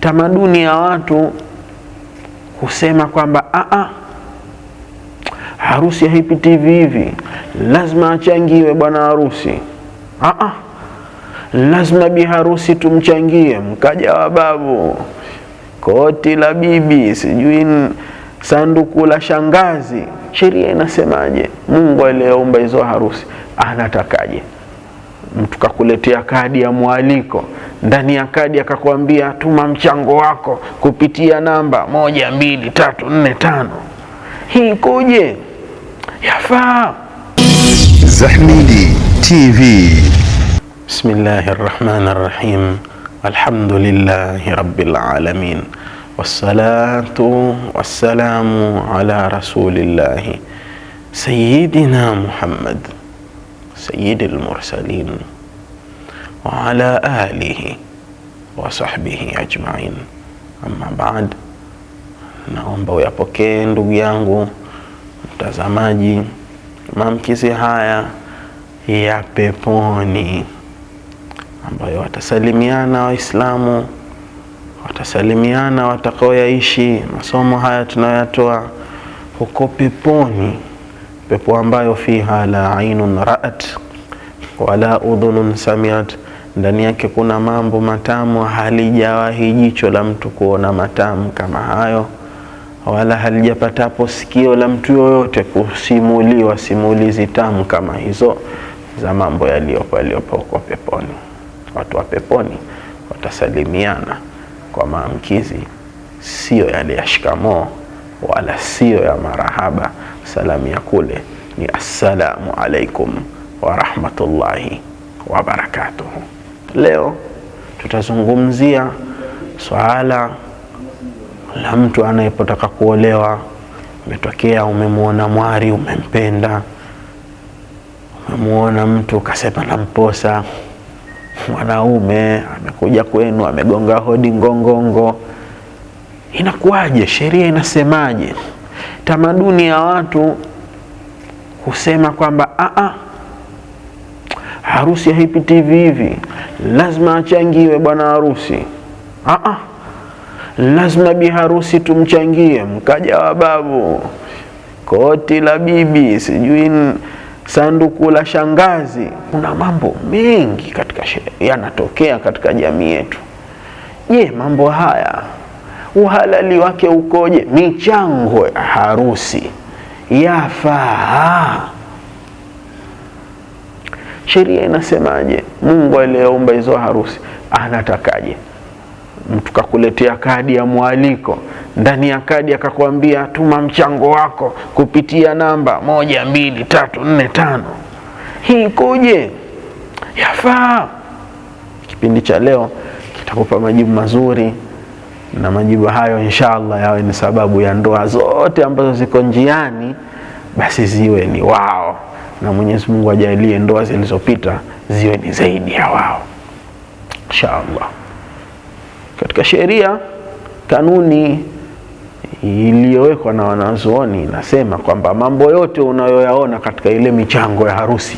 tamaduni ya watu kusema kwamba aa, ah, ah, harusi haipiti hivi hivi, lazima achangiwe bwana harusi. Aa, ah, lazima bi harusi tumchangie, mkaja wa babu, koti la bibi, sijui sanduku la shangazi. Sheria inasemaje? Mungu aliyeumba hizo harusi anatakaje? mtu kakuletea kadi ya mwaliko, ndani ya kadi akakwambia tuma mchango wako kupitia namba moja mbili tatu nne tano. Hii ikoje? Yafaa. Zahmidi TV. Bismillahi rahmani rahim, alhamdulillahi rabbil alamin, wassalatu wassalamu ala rasulillahi sayidina Muhammad sayyidil lmursalin wa alihi wasahbihi ajmain. Amma baad, naomba uyapokee ndugu yangu mtazamaji maamkizi haya ya peponi ambayo watasalimiana Waislamu, watasalimiana watakaoyaishi masomo haya tunayoyatoa huko peponi pepo ambayo fiha la ainun ra'at wala udhunun samiat, ndani yake kuna mambo matamu halijawahi jicho la mtu kuona matamu kama hayo, wala halijapatapo sikio la mtu yoyote kusimuliwa simulizi tamu kama hizo za mambo yaliyopo yaliyopo huko peponi. Watu wa peponi watasalimiana kwa maamkizi, siyo yale ya shikamoo wala siyo ya marahaba salamu ya kule ni assalamu alaikum warahmatullahi wabarakatuhu. Leo tutazungumzia swala la mtu anayepotaka kuolewa. Umetokea umemwona mwari, umempenda, umemwona mtu ukasema namposa mwanaume amekuja kwenu amegonga hodi ngongongo, inakuwaje? Sheria inasemaje? tamaduni ya watu husema kwamba aa, ah, ah, harusi haipiti hivi hivi, lazima achangiwe bwana harusi. Aa, ah, lazima bi harusi tumchangie, mkaja wa babu, koti la bibi, sijui sanduku la shangazi. Kuna mambo mengi katika yanatokea katika jamii yetu. Je, mambo haya uhalali wake ukoje? Michango ya harusi yafaa? Sheria inasemaje? Mungu aliyeumba hizo harusi anatakaje? Mtu kakuletea kadi ya mwaliko, ndani ya kadi akakwambia tuma mchango wako kupitia namba moja mbili tatu nne tano. Hii ikoje? Yafaa? Kipindi cha leo kitakupa majibu mazuri na majibu hayo inshallah yawe ni sababu ya ndoa zote ambazo ziko njiani, basi ziwe ni wao, na Mwenyezi Mungu ajalie ndoa zilizopita ziwe ni zaidi ya wao inshallah. Katika sheria kanuni iliyowekwa na wanazuoni inasema kwamba mambo yote unayoyaona katika ile michango ya harusi,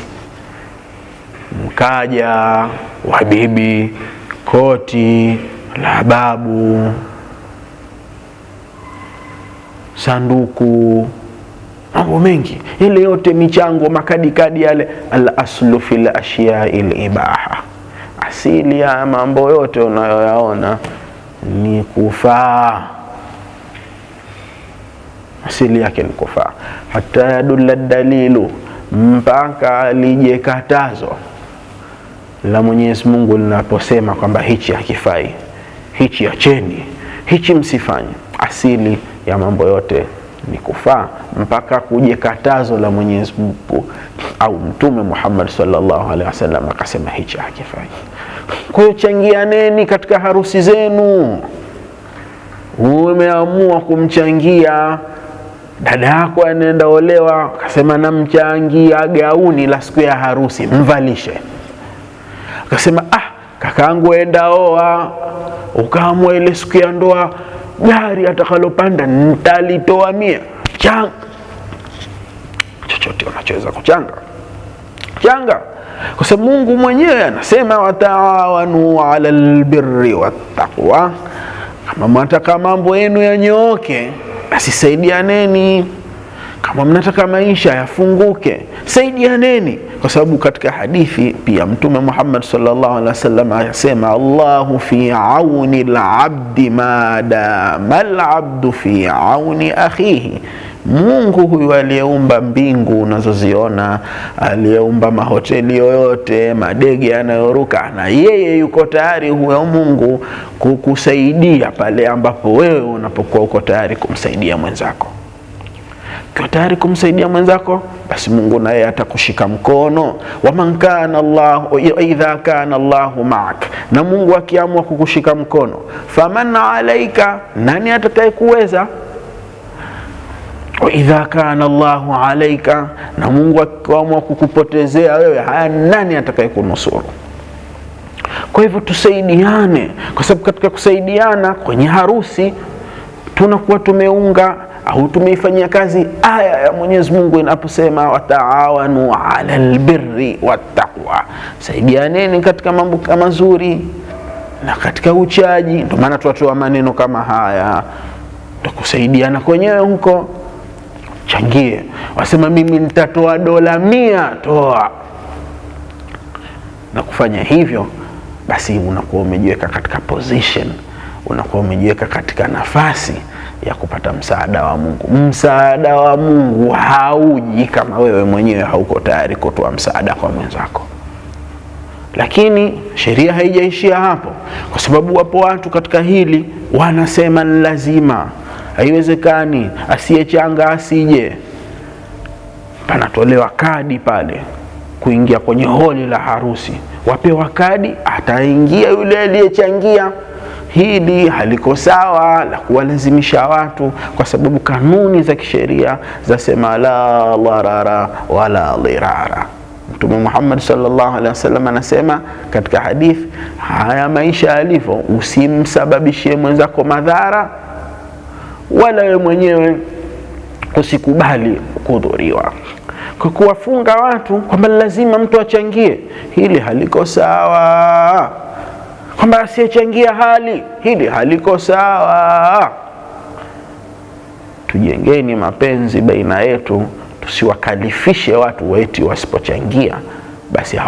mkaja, wabibi, koti lababu sanduku, mambo mengi. Ile yote michango, makadikadi yale. Alaslu fil ashyai libaha, asili ya mambo yote unayoyaona ni kufaa asili yake ni kufaa, hata yadulla dalilu, mpaka lije katazo la Mwenyezi Mungu linaposema kwamba hichi hakifai hichi acheni, hichi msifanye. Asili ya mambo yote ni kufaa mpaka kuje katazo la Mwenyezi Mungu au Mtume Muhammad sallallahu alaihi wasallam akasema hichi hakifanyi. Kwa hiyo changianeni katika harusi zenu. Umeamua kumchangia dada yako anaenda olewa, akasema namchangia gauni la siku ya harusi, mvalishe. Akasema ah kakangu enda oa, ukaamua ile siku ya ndoa, gari atakalopanda nitalitoa mia. Changa chochote unachoweza kuchanga changa, kwa sababu Mungu mwenyewe anasema wataawanu ala albirri wattaqwa, kama mwataka mambo yenu yanyooke, basi saidianeni kama mnataka maisha yafunguke, saidianeni, kwa sababu katika hadithi pia Mtume Muhammad sallallahu alaihi wasallam anasema, Allahu fi auni labdi madama labdu fi auni akhihi Mungu huyu aliyeumba mbingu unazoziona, aliyeumba mahoteli yoyote, madege yanayoruka, na yeye yuko tayari huyo Mungu kukusaidia pale ambapo wewe unapokuwa uko tayari kumsaidia mwenzako. Ukiwa tayari kumsaidia mwenzako, basi Mungu naye atakushika mkono. waman kana Allah idha kana Allahu maak, na Mungu akiamua kukushika mkono, faman alaika, nani atakayekuweza? Waidha kana llahu alaika, na Mungu akiamua kukupotezea wewe, haya nani atakayekunusuru? Kwa hivyo tusaidiane, kwa sababu katika kusaidiana kwenye harusi tunakuwa tumeunga au tumeifanyia kazi aya ya Mwenyezi Mungu inaposema wataawanu ala lbiri wattaqwa, saidianeni katika mambo mazuri na katika uchaji. Ndio maana tuatoa maneno kama haya, tukusaidiana kwenyewe huko, changie. Wasema mimi nitatoa dola mia, toa na kufanya hivyo, basi unakuwa umejiweka katika position unakuwa umejiweka katika nafasi ya kupata msaada wa Mungu. Msaada wa Mungu hauji kama wewe mwenyewe hauko tayari kutoa msaada kwa mwenzako. Lakini sheria haijaishia hapo, kwa sababu wapo watu katika hili wanasema ni lazima, haiwezekani, asiyechanga asije. Panatolewa kadi pale kuingia kwenye holi la harusi, wapewa kadi, ataingia yule aliyechangia hili haliko sawa la kuwalazimisha watu, kwa sababu kanuni za kisheria zasema la dharara wala dhirara. Mtume Muhammad sallallahu alaihi wasallam anasema katika hadithi, haya maisha yalivyo, usimsababishie mwenzako madhara wala wewe mwenyewe usikubali kudhuriwa. Kwa kuwafunga watu kwamba lazima mtu achangie, hili haliko sawa kwamba asiyechangia hali hili haliko sawa. Tujengeni mapenzi baina yetu, tusiwakalifishe watu weti wasipochangia basi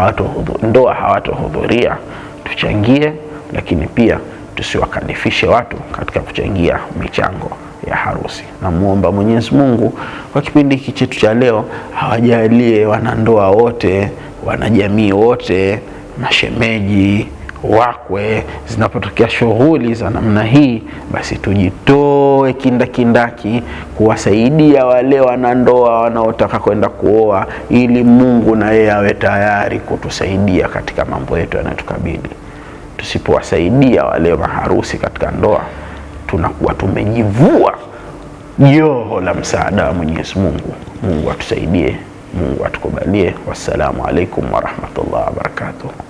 ndoa hawatohudhuria. Tuchangie, lakini pia tusiwakalifishe watu katika kuchangia michango ya harusi. Namwomba Mwenyezi Mungu kwa kipindi hiki chetu cha leo awajalie wanandoa wote, wanajamii wote, mashemeji wakwe, zinapotokea shughuli za namna hii, basi tujitoe kindakindaki kuwasaidia wale wanandoa wanaotaka kwenda kuoa, ili Mungu na yeye awe tayari kutusaidia katika mambo yetu yanayotukabili. Tusipowasaidia wale maharusi katika ndoa, tunakuwa tumejivua joho la msaada wa Mwenyezi Mungu. Mungu atusaidie, Mungu atukubalie. Wassalamu alaikum warahmatullahi wabarakatuh.